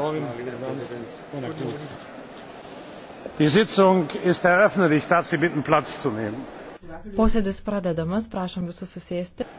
ovim unaknut. Die Sitzung ist eröffnet. Ich darf Sie bitten, Platz zu nehmen. Posėdis pradedamas, prašom visus susėsti.